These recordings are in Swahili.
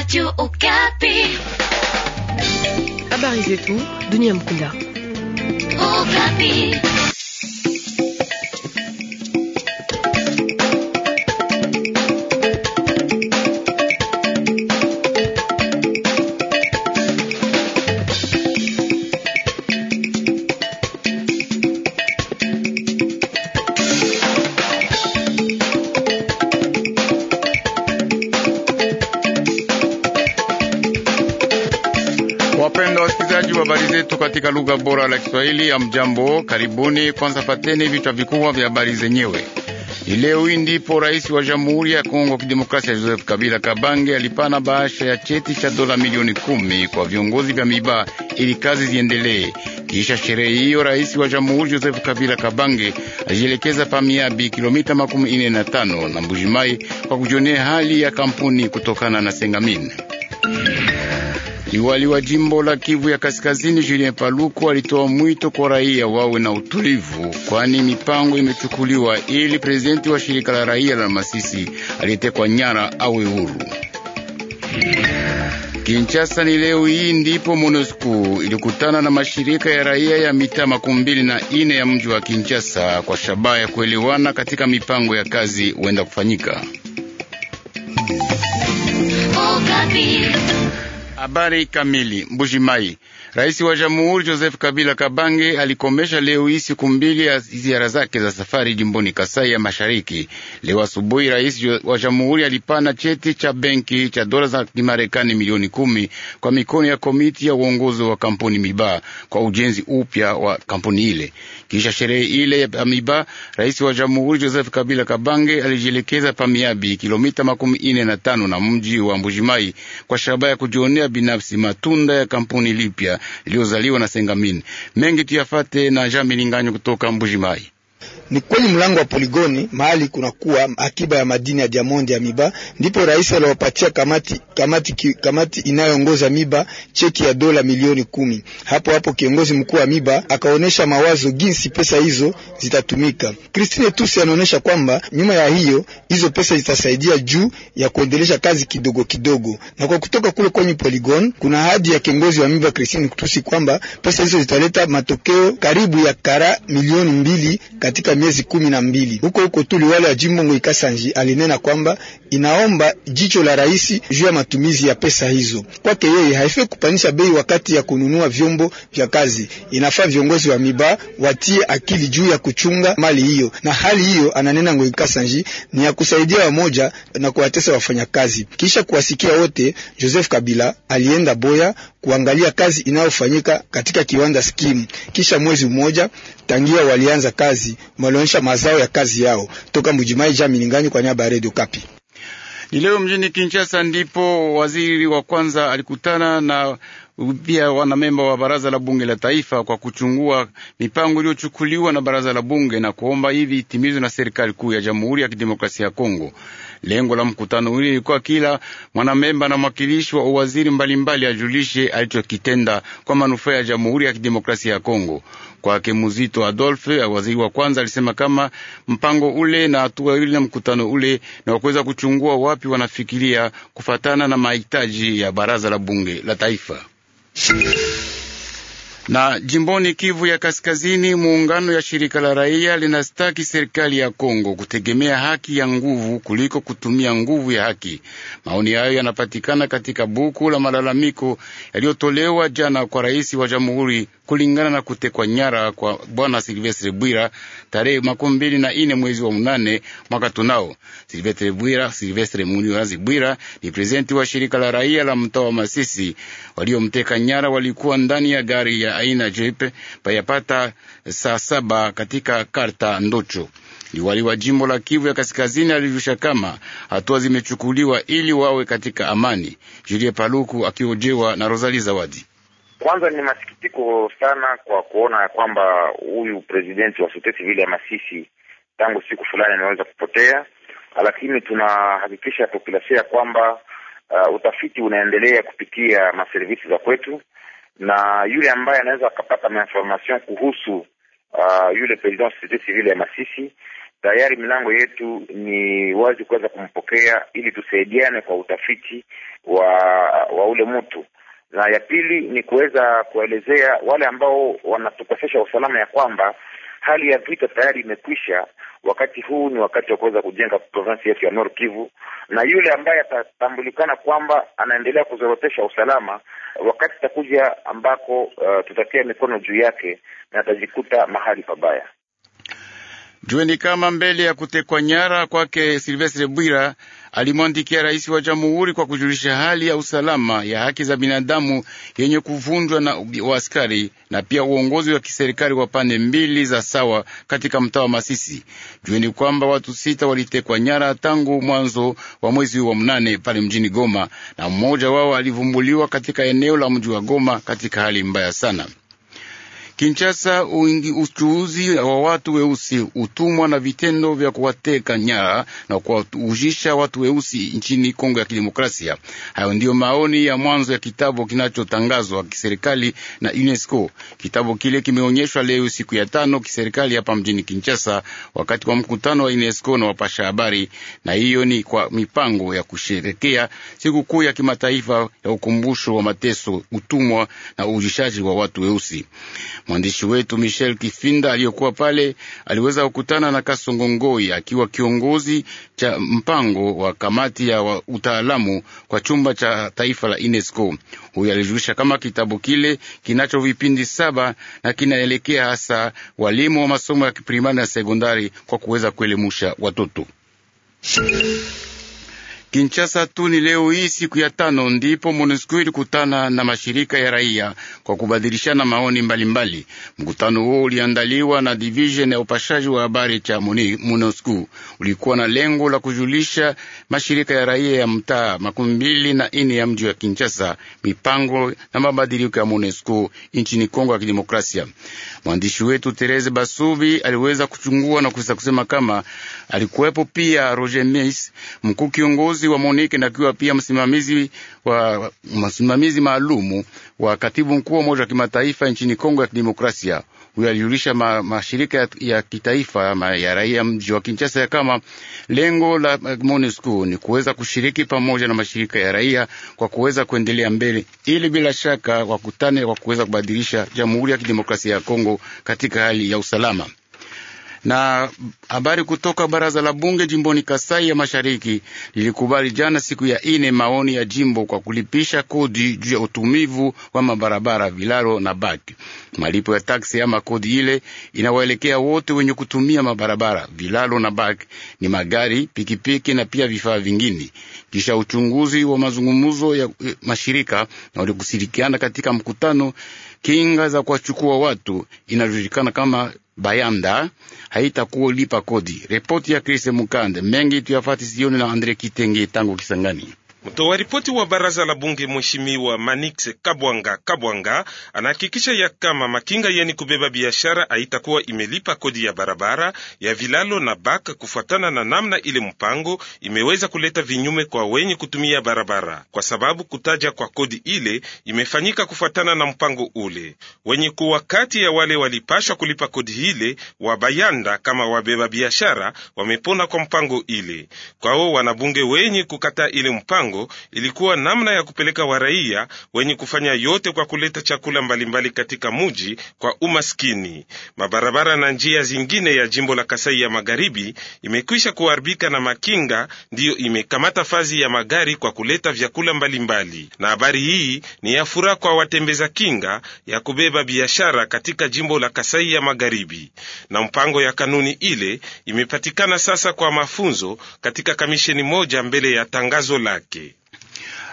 Radio Okapi. Habari zetu dunia mkunda. Okapi. katika lugha bora la Kiswahili ya mjambo. Karibuni. Kwanza pateni vichwa vikubwa vya habari zenyewe. Ni leo hii ndipo rais wa Jamhuri ya Kongo Kidemokrasia Joseph Kabila Kabange alipana bahasha ya cheti cha dola milioni kumi kwa viongozi vya miba ili kazi ziendelee. Kisha sherehe hiyo, rais wa Jamhuri Joseph Kabila Kabange alijielekeza Pamiabi, kilomita makumi ine na tano na Mbujimai kwa kujionea hali ya kampuni kutokana na Sengamin. Liwali wa jimbo la Kivu ya Kaskazini, Julien Paluku, alitoa mwito kwa raia wawe na utulivu, kwani mipango imechukuliwa ili prezidenti wa shirika la raia la Masisi aliyetekwa nyara awe huru. Kinshasa ni leo hii ndipo MONUSCO ilikutana na mashirika ya raia ya mitaa makumi mbili na ine ya mji wa Kinshasa kwa shabaha ya kuelewana katika mipango ya kazi huenda kufanyika. Oh, Habari kamili. Mbujimai, rais wa jamhuri Joseph Kabila Kabange alikomesha leo hii siku mbili ya ziara zake za safari jimboni Kasai ya Mashariki. Leo asubuhi, rais wa jamhuri alipana cheti cha benki cha dola za Kimarekani milioni kumi kwa mikono ya komiti ya uongozi wa kampuni Miba kwa ujenzi upya wa kampuni ile. Kisha sherehe ile ya Miba, rais wa jamhuri Joseph Kabila Kabange alijielekeza pa Miabi, kilomita makumi ine na tano na mji wa Mbujimai kwa shabaha ya kujionea binafsi matunda ya kampuni lipya iliyozaliwa na Sengamin. Mengi tuyafate na Jean Milinganyo kutoka Mbujimayi. Ni kweli mlango wa poligoni mahali kunakuwa akiba ya madini ya diamondi ya miba, ndipo rais aliwapatia kamati, kamati, ki, kamati inayoongoza miba cheki ya dola milioni kumi. Hapo hapo kiongozi mkuu wa miba akaonyesha mawazo jinsi pesa hizo zitatumika. Christine Tusi anaonyesha kwamba nyuma ya hiyo hizo pesa zitasaidia juu ya kuendelesha kazi kidogo kidogo, na kwa kutoka kule kwenye poligon kuna ahadi ya kiongozi wa miba Christine Tusi kwamba pesa hizo zitaleta matokeo karibu ya kara milioni mbili katika miezi kumi na mbili. Huko huko tu liwali wa jimbo Ngoikasanji alinena kwamba inaomba jicho la rais juu ya matumizi ya pesa hizo. Kwake yeye haifai kupanisha bei wakati ya kununua vyombo vya kazi, inafaa viongozi wa miba watie akili juu ya kuchunga mali hiyo, na hali hiyo ananena Ngoikasanji ni ya kusaidia wamoja na kuwatesa wafanyakazi. Kisha kuwasikia wote, Joseph Kabila alienda Boya kuangalia kazi inayofanyika katika kiwanda skimu. Kisha mwezi mmoja tangia walianza kazi, walionyesha mazao ya kazi yao. Toka Mujimai, Jami Lingani kwa niaba ya Radio Kapi. Ni leo mjini Kinshasa ndipo waziri wa kwanza alikutana na pia wanamemba wa baraza la bunge la taifa kwa kuchungua mipango iliyochukuliwa na baraza la bunge na kuomba hivi itimizwe na serikali kuu ya Jamhuri ya Kidemokrasia ya Kongo. Lengo la mkutano ule ilikuwa kila mwanamemba na mwakilishi wa uwaziri mbalimbali ajulishe alichokitenda kwa manufaa ya Jamhuri ya Kidemokrasia ya Kongo. Kwake Muzito Adolphe, waziri wa kwanza, alisema kama mpango ule na hatua ile na mkutano ule na wakuweza kuchungua wapi wanafikiria kufatana na mahitaji ya baraza la bunge la taifa. Na jimboni Kivu ya Kaskazini, muungano ya shirika la raia linastaki serikali ya Kongo kutegemea haki ya nguvu kuliko kutumia nguvu ya haki. Maoni hayo yanapatikana katika buku la malalamiko yaliyotolewa jana kwa rais wa jamhuri kulingana na kutekwa nyara kwa bwana Silvestre Bwira tarehe makumi mbili na ine mwezi wa mnane mwaka tunao. Silvestre Bwira, Silvestre Munioazi Bwira ni prezidenti wa shirika la raia la mtaa wa Masisi. Waliomteka nyara walikuwa ndani ya gari ya aina jeupe payapata saa saba katika karta Ndocho. Liwali wa jimbo la Kivu ya Kaskazini alijulisha kama hatua zimechukuliwa ili wawe katika amani. Julie Paluku akiojewa na Rosali Zawadi. Kwanza ni masikitiko sana kwa kuona ya kwamba huyu presidenti wa soteti vile ya Masisi tangu siku fulani ameweza kupotea, lakini tunahakikisha populasia ya kwamba uh, utafiti unaendelea kupitia maservisi za kwetu na yule ambaye anaweza akapata mainformation kuhusu uh, yule president societe civile ya Masisi, tayari milango yetu ni wazi kuweza kumpokea ili tusaidiane kwa utafiti wa wa ule mtu, na ya pili ni kuweza kuelezea wale ambao wanatukosesha usalama ya kwamba hali ya vita tayari imekwisha. Wakati huu ni wakati wa kuweza kujenga provinsi yetu ya North Kivu, na yule ambaye atatambulikana kwamba anaendelea kuzorotesha usalama, wakati takuja ambako uh, tutatia mikono juu yake na atajikuta mahali pabaya. Jueni kama mbele ya kutekwa nyara kwake Silvestre Bwira alimwandikia rais wa jamhuri kwa kujulisha hali ya usalama ya haki za binadamu yenye kuvunjwa na waaskari na pia uongozi wa kiserikali wa pande mbili za sawa katika mtaa wa Masisi. Jueni kwamba watu sita walitekwa nyara tangu mwanzo wa mwezi wa mnane pale mjini Goma, na mmoja wao alivumbuliwa katika eneo la mji wa Goma katika hali mbaya sana. Kinshasa, uingi uchuuzi wa watu weusi, utumwa na vitendo vya kuwateka nyara na kuwaujisha watu weusi nchini Kongo ya Kidemokrasia. Hayo ndiyo maoni ya mwanzo ya kitabu kinachotangazwa kiserikali na UNESCO. Kitabu kile kimeonyeshwa leo siku ya tano kiserikali hapa mjini Kinshasa wakati wa mkutano wa UNESCO na wapasha habari, na hiyo ni kwa mipango ya kusherekea sikukuu ya kimataifa ya ukumbusho wa mateso, utumwa na uujishaji wa watu weusi. Mwandishi wetu Michel Kifinda aliyokuwa pale aliweza kukutana na Kasongo Ngoi akiwa kiongozi cha mpango wa kamati ya utaalamu kwa chumba cha taifa la UNESCO. Huyu alijulisha kama kitabu kile kinacho vipindi saba na kinaelekea hasa walimu wa masomo ya kiprimari na sekondari kwa kuweza kuelimusha watoto Kinshasa tuni leo hii siku ya tano ndipo MONUSCO ilikutana na mashirika ya raia kwa kubadilishana maoni mbalimbali Mkutano huo uliandaliwa na division ya upashaji wa habari cha MONUSCO ulikuwa na lengo la kujulisha mashirika ya raia ya mtaa makumi mbili na ine ya mji wa Kinshasa mipango na mabadiliko ya MONUSCO nchini Kongo ya Kidemokrasia. Mwandishi wetu Therese Basubi aliweza kuchungua na kusema kama alikuwepo pia Roger Meis mkuu kiongozi kiongozi wa Monike na akiwa pia msimamizi wa msimamizi maalumu wa katibu mkuu wa Umoja wa Kimataifa nchini Kongo ya Kidemokrasia. Huyo alijulisha ma, mashirika ya, ya kitaifa ma, ya raia mji wa Kinshasa ya kama lengo la MONUSCO ni kuweza kushiriki pamoja na mashirika ya raia kwa kuweza kuendelea mbele, ili bila shaka wakutane kwa kuweza kubadilisha Jamhuri ya Kidemokrasia ya Kongo katika hali ya usalama na habari kutoka baraza la bunge jimboni Kasai ya Mashariki lilikubali jana siku ya ine maoni ya jimbo kwa kulipisha kodi juu ya utumivu wa mabarabara, vilaro na baki. Malipo ya taksi ama kodi ile inawaelekea wote wenye kutumia mabarabara, vilalo na Bak, ni magari, pikipiki na pia vifaa vingine. Kisha uchunguzi wa mazungumzo ya eh, mashirika na walikushirikiana katika mkutano, kinga za kuwachukua watu inajulikana kama Bayanda lipa kodi. Ripoti ya Chris Mukande mengi tuyafati sioni na Andre Kitenge tangu Kisangani. Mtoa ripoti wa baraza la bunge mheshimiwa Manix Kabwanga Kabwanga anahakikisha ya kama makinga yeni kubeba biashara haitakuwa imelipa kodi ya barabara ya vilalo na bak kufuatana na namna ile mpango imeweza kuleta vinyume kwa wenye kutumia barabara, kwa sababu kutaja kwa kodi ile imefanyika kufuatana na mpango ule wenye kuwa kati ya wale walipashwa kulipa kodi ile wa bayanda kama wabeba biashara wamepona kwa mpango ile. Kwao wanabunge wenye kukataa ile mpango mpango ilikuwa namna ya kupeleka waraia wenye kufanya yote kwa kuleta chakula mbalimbali mbali katika muji kwa umaskini. Mabarabara na njia zingine ya jimbo la Kasai ya magharibi imekwisha kuharibika na makinga ndiyo imekamata fazi ya magari kwa kuleta vyakula mbalimbali mbali. Na habari hii ni ya furaha kwa watembeza kinga ya kubeba biashara katika jimbo la Kasai ya magharibi, na mpango ya kanuni ile imepatikana sasa kwa mafunzo katika kamisheni moja mbele ya tangazo lake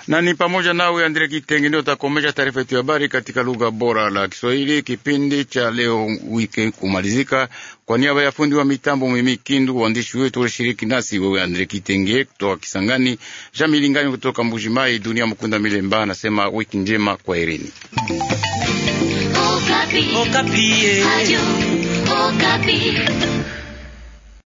na ni pamoja nawe Andre Kitenge ndio takomesha taarifa yetu ya habari katika lugha bora la Kiswahili. Kipindi cha leo wiki kumalizika. Kwa niaba ya fundi wa mitambo Mimi Kindu, waandishi wetu walishiriki nasi, wewe Andre Kitenge kutoka Kisangani, Milingani kutoka Mbujimai, Dunia Mkunda Milemba anasema wiki njema, kwa herini. Okapi. Okapi. Eh.